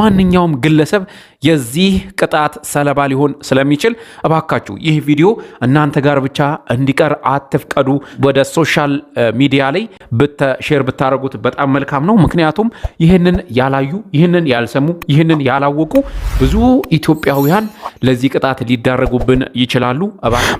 ማንኛውም ግለሰብ የዚህ ቅጣት ሰለባ ሊሆን ስለሚችል እባካችሁ ይህ ቪዲዮ እናንተ ጋር ብቻ እንዲቀር አትፍቀዱ። ወደ ሶሻል ሚዲያ ላይ ሼር ብታደርጉት በጣም መልካም ነው። ምክንያቱም ይህንን ያላዩ፣ ይህንን ያልሰሙ፣ ይህንን ያላወቁ ብዙ ኢትዮጵያውያን ለዚህ ቅጣት ሊዳረጉብን ይችላሉ።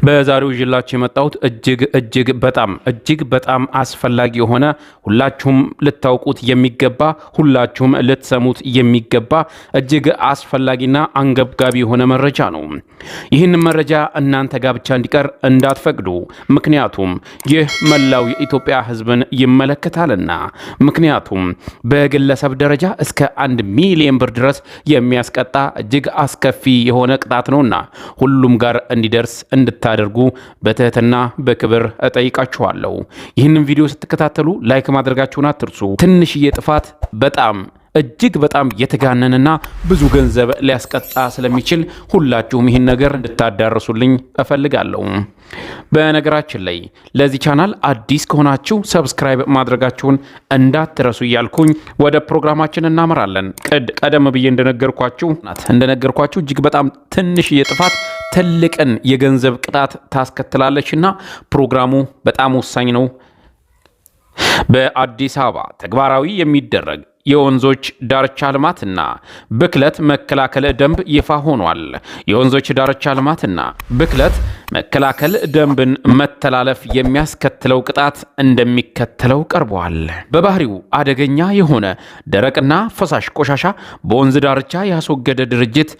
በዛሬው ይዤላችሁ የመጣሁት እጅግ እጅግ በጣም እጅግ በጣም አስፈላጊ የሆነ ሁላችሁም ልታውቁት የሚገባ ሁላችሁም ልትሰሙት የሚገባ የገባ እጅግ አስፈላጊና አንገብጋቢ የሆነ መረጃ ነው። ይህን መረጃ እናንተ ጋር ብቻ እንዲቀር እንዳትፈቅዱ፣ ምክንያቱም ይህ መላው የኢትዮጵያ ሕዝብን ይመለከታልና። ምክንያቱም በግለሰብ ደረጃ እስከ አንድ ሚሊዮን ብር ድረስ የሚያስቀጣ እጅግ አስከፊ የሆነ ቅጣት ነውና ሁሉም ጋር እንዲደርስ እንድታደርጉ በትህትና በክብር እጠይቃችኋለሁ። ይህንን ቪዲዮ ስትከታተሉ ላይክ ማድረጋችሁን አትርሱ። ትንሽዬ ጥፋት በጣም እጅግ በጣም የተጋነንና ብዙ ገንዘብ ሊያስቀጣ ስለሚችል ሁላችሁም ይህን ነገር እንድታዳርሱልኝ እፈልጋለሁ። በነገራችን ላይ ለዚህ ቻናል አዲስ ከሆናችሁ ሰብስክራይብ ማድረጋችሁን እንዳትረሱ እያልኩኝ ወደ ፕሮግራማችን እናመራለን። ቀደም ብዬ እንደነገርኳችሁ እንደነገርኳችሁ እጅግ በጣም ትንሽ የጥፋት ትልቅን የገንዘብ ቅጣት ታስከትላለች እና ፕሮግራሙ በጣም ወሳኝ ነው። በአዲስ አበባ ተግባራዊ የሚደረግ የወንዞች ዳርቻ ልማትና ብክለት መከላከል ደንብ ይፋ ሆኗል። የወንዞች ዳርቻ ልማትና ብክለት መከላከል ደንብን መተላለፍ የሚያስከትለው ቅጣት እንደሚከተለው ቀርበዋል። በባህሪው አደገኛ የሆነ ደረቅና ፈሳሽ ቆሻሻ በወንዝ ዳርቻ ያስወገደ ድርጅት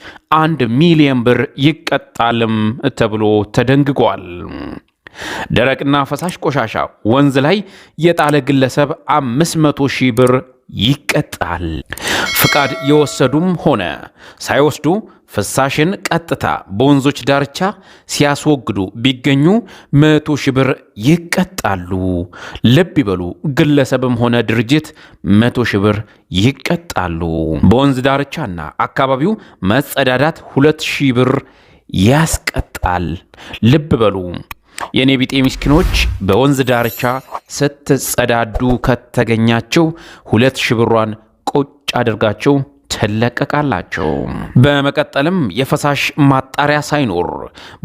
አንድ ሚሊዮን ብር ይቀጣልም ተብሎ ተደንግጓል። ደረቅና ፈሳሽ ቆሻሻ ወንዝ ላይ የጣለ ግለሰብ 500 ሺህ ብር ይቀጣል። ፍቃድ የወሰዱም ሆነ ሳይወስዱ ፍሳሽን ቀጥታ በወንዞች ዳርቻ ሲያስወግዱ ቢገኙ መቶ ሺህ ብር ይቀጣሉ። ልብ ይበሉ፣ ግለሰብም ሆነ ድርጅት መቶ ሺህ ብር ይቀጣሉ። በወንዝ ዳርቻና አካባቢው መጸዳዳት ሁለት ሺህ ብር ያስቀጣል። ልብ በሉ። የኔ ቢጤ ምስኪኖች በወንዝ ዳርቻ ስትጸዳዱ ከተገኛቸው ሁለት ሽብሯን ብሯን ቁጭ አድርጋቸው ትለቀቃላቸው። በመቀጠልም የፈሳሽ ማጣሪያ ሳይኖር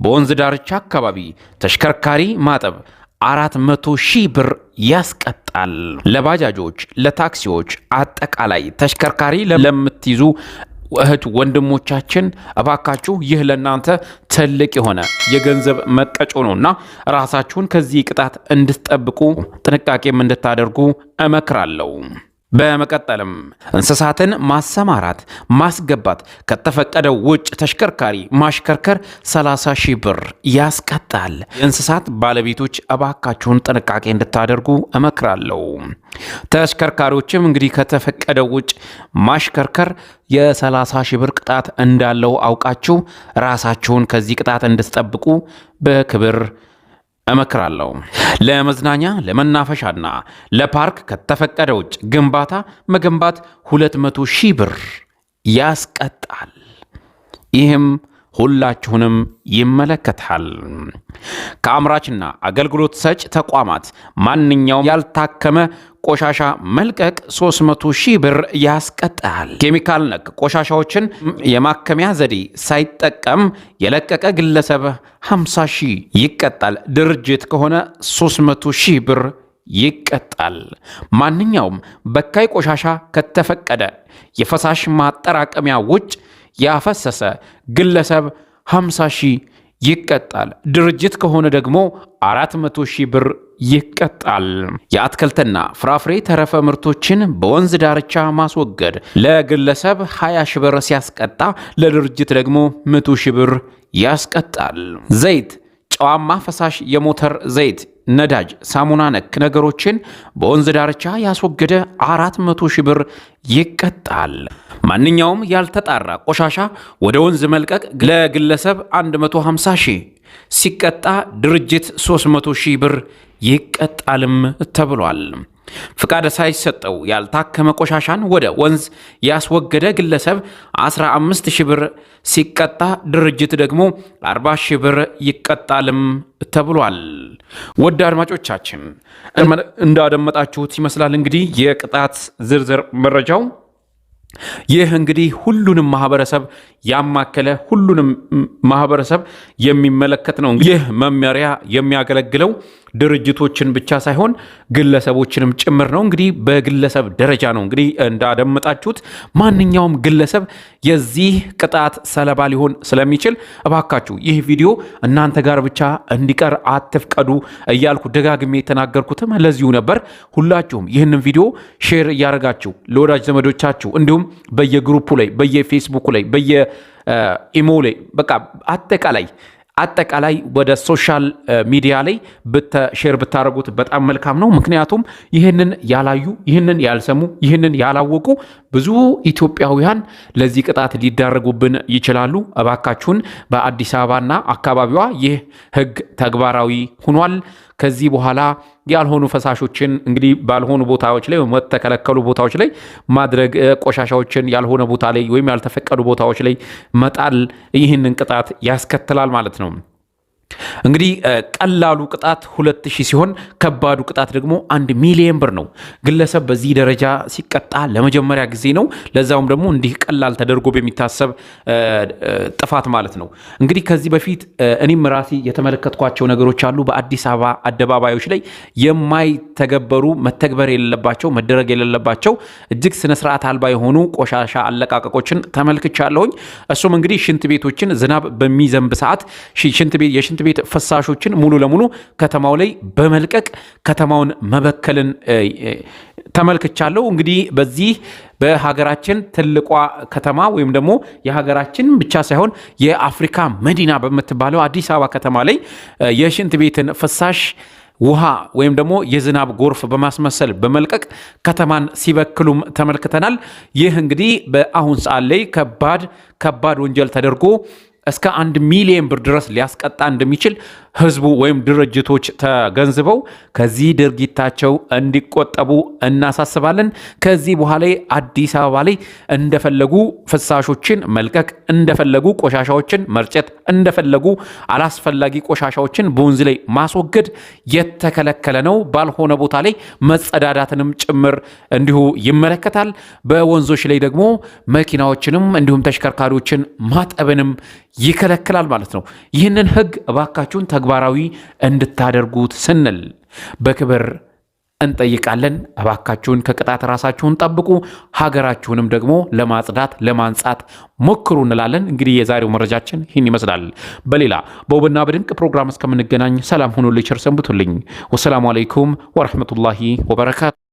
በወንዝ ዳርቻ አካባቢ ተሽከርካሪ ማጠብ አራት መቶ ሺህ ብር ያስቀጣል። ለባጃጆች፣ ለታክሲዎች፣ አጠቃላይ ተሽከርካሪ ለምትይዙ እህት ወንድሞቻችን እባካችሁ ይህ ለእናንተ ትልቅ የሆነ የገንዘብ መቀጮ ነውና ራሳችሁን ከዚህ ቅጣት እንድትጠብቁ ጥንቃቄም እንድታደርጉ እመክራለሁ። በመቀጠልም እንስሳትን ማሰማራት ማስገባት፣ ከተፈቀደው ውጭ ተሽከርካሪ ማሽከርከር 30 ሺህ ብር ያስቀጣል። የእንስሳት ባለቤቶች እባካችሁን ጥንቃቄ እንድታደርጉ እመክራለሁ። ተሽከርካሪዎችም እንግዲህ ከተፈቀደው ውጭ ማሽከርከር የ30 ሺህ ብር ቅጣት እንዳለው አውቃችሁ ራሳችሁን ከዚህ ቅጣት እንድትጠብቁ በክብር እመክራለሁ። ለመዝናኛ ለመናፈሻና ለፓርክ ከተፈቀደ ውጭ ግንባታ መገንባት 200 ሺህ ብር ያስቀጣል። ይህም ሁላችሁንም ይመለከታል። ከአምራችና አገልግሎት ሰጭ ተቋማት ማንኛውም ያልታከመ ቆሻሻ መልቀቅ 300 ሺህ ብር ያስቀጣል። ኬሚካል ነክ ቆሻሻዎችን የማከሚያ ዘዴ ሳይጠቀም የለቀቀ ግለሰብ 50 ሺህ ይቀጣል። ድርጅት ከሆነ 300 ሺህ ብር ይቀጣል። ማንኛውም በካይ ቆሻሻ ከተፈቀደ የፈሳሽ ማጠራቀሚያ ውጭ ያፈሰሰ ግለሰብ 50 ሺህ ይቀጣል። ድርጅት ከሆነ ደግሞ 400 ሺህ ብር ይቀጣል። የአትክልትና ፍራፍሬ ተረፈ ምርቶችን በወንዝ ዳርቻ ማስወገድ ለግለሰብ 20 ሺህ ብር ሲያስቀጣ፣ ለድርጅት ደግሞ 100 ሺህ ብር ያስቀጣል። ዘይት ጨዋማ ፈሳሽ የሞተር ዘይት ነዳጅ፣ ሳሙና ነክ ነገሮችን በወንዝ ዳርቻ ያስወገደ 400 ሺህ ብር ይቀጣል። ማንኛውም ያልተጣራ ቆሻሻ ወደ ወንዝ መልቀቅ ለግለሰብ 150 ሺህ ሲቀጣ ድርጅት 300 ሺህ ብር ይቀጣልም ተብሏል። ፍቃድ ሳይሰጠው ያልታከመ ቆሻሻን ወደ ወንዝ ያስወገደ ግለሰብ 15 ሺህ ብር ሲቀጣ ድርጅት ደግሞ 40 ሺህ ብር ይቀጣልም ተብሏል። ወደ አድማጮቻችን እንዳደመጣችሁት ይመስላል እንግዲህ የቅጣት ዝርዝር መረጃው ይህ እንግዲህ ሁሉንም ማህበረሰብ ያማከለ ሁሉንም ማህበረሰብ የሚመለከት ነው። ይህ መመሪያ የሚያገለግለው ድርጅቶችን ብቻ ሳይሆን ግለሰቦችንም ጭምር ነው። እንግዲህ በግለሰብ ደረጃ ነው እንግዲህ እንዳደመጣችሁት ማንኛውም ግለሰብ የዚህ ቅጣት ሰለባ ሊሆን ስለሚችል እባካችሁ ይህ ቪዲዮ እናንተ ጋር ብቻ እንዲቀር አትፍቀዱ እያልኩ ደጋግሜ የተናገርኩትም ለዚሁ ነበር። ሁላችሁም ይህንን ቪዲዮ ሼር እያደረጋችሁ ለወዳጅ ዘመዶቻችሁ እንዲሁም በየግሩፑ ላይ በየፌስቡኩ ላይ በየኢሞ ላይ በቃ አጠቃላይ አጠቃላይ ወደ ሶሻል ሚዲያ ላይ ሼር ብታደርጉት በጣም መልካም ነው። ምክንያቱም ይህንን ያላዩ ይህንን ያልሰሙ ይህንን ያላወቁ ብዙ ኢትዮጵያውያን ለዚህ ቅጣት ሊዳረጉብን ይችላሉ። እባካችሁን በአዲስ አበባና አካባቢዋ ይህ ህግ ተግባራዊ ሆኗል። ከዚህ በኋላ ያልሆኑ ፈሳሾችን እንግዲህ ባልሆኑ ቦታዎች ላይ ተከለከሉ ቦታዎች ላይ ማድረግ ቆሻሻዎችን ያልሆነ ቦታ ላይ ወይም ያልተፈቀዱ ቦታዎች ላይ መጣል ይህንን ቅጣት ያስከትላል ማለት ነው። እንግዲህ ቀላሉ ቅጣት ሁለት ሲሆን ከባዱ ቅጣት ደግሞ አንድ ሚሊየን ብር ነው። ግለሰብ በዚህ ደረጃ ሲቀጣ ለመጀመሪያ ጊዜ ነው። ለዛውም ደግሞ እንዲህ ቀላል ተደርጎ በሚታሰብ ጥፋት ማለት ነው። እንግዲህ ከዚህ በፊት እኔም ራሴ የተመለከትኳቸው ነገሮች አሉ። በአዲስ አበባ አደባባዮች ላይ የማይተገበሩ መተግበር የሌለባቸው መደረግ የሌለባቸው እጅግ ስነስርዓት አልባ የሆኑ ቆሻሻ አለቃቀቆችን ተመልክቻለሁኝ። እሱም እንግዲህ ሽንት ቤቶችን ዝናብ በሚዘንብ ሰዓት የሽንት ቤት ፍሳሾችን ሙሉ ለሙሉ ከተማው ላይ በመልቀቅ ከተማውን መበከልን ተመልክቻለሁ። እንግዲህ በዚህ በሀገራችን ትልቋ ከተማ ወይም ደግሞ የሀገራችን ብቻ ሳይሆን የአፍሪካ መዲና በምትባለው አዲስ አበባ ከተማ ላይ የሽንት ቤትን ፍሳሽ ውሃ ወይም ደግሞ የዝናብ ጎርፍ በማስመሰል በመልቀቅ ከተማን ሲበክሉም ተመልክተናል። ይህ እንግዲህ በአሁን ሰዓት ላይ ከባድ ከባድ ወንጀል ተደርጎ እስከ አንድ ሚሊየን ብር ድረስ ሊያስቀጣ እንደሚችል ህዝቡ ወይም ድርጅቶች ተገንዝበው ከዚህ ድርጊታቸው እንዲቆጠቡ እናሳስባለን። ከዚህ በኋላ አዲስ አበባ ላይ እንደፈለጉ ፍሳሾችን መልቀቅ፣ እንደፈለጉ ቆሻሻዎችን መርጨት፣ እንደፈለጉ አላስፈላጊ ቆሻሻዎችን በወንዝ ላይ ማስወገድ የተከለከለ ነው። ባልሆነ ቦታ ላይ መጸዳዳትንም ጭምር እንዲሁ ይመለከታል። በወንዞች ላይ ደግሞ መኪናዎችንም እንዲሁም ተሽከርካሪዎችን ማጠብንም ይከለክላል ማለት ነው። ይህንን ህግ እባካችሁን ተግባራዊ እንድታደርጉት ስንል በክብር እንጠይቃለን። እባካችሁን ከቅጣት ራሳችሁን ጠብቁ፣ ሀገራችሁንም ደግሞ ለማጽዳት ለማንጻት ሞክሩ እንላለን። እንግዲህ የዛሬው መረጃችን ይህን ይመስላል። በሌላ በውብና በድንቅ ፕሮግራም እስከምንገናኝ ሰላም ሁኑልኝ፣ ቸር ሰንብቱልኝ። ወሰላሙ አለይኩም ወረህመቱላሂ ወበረካቱ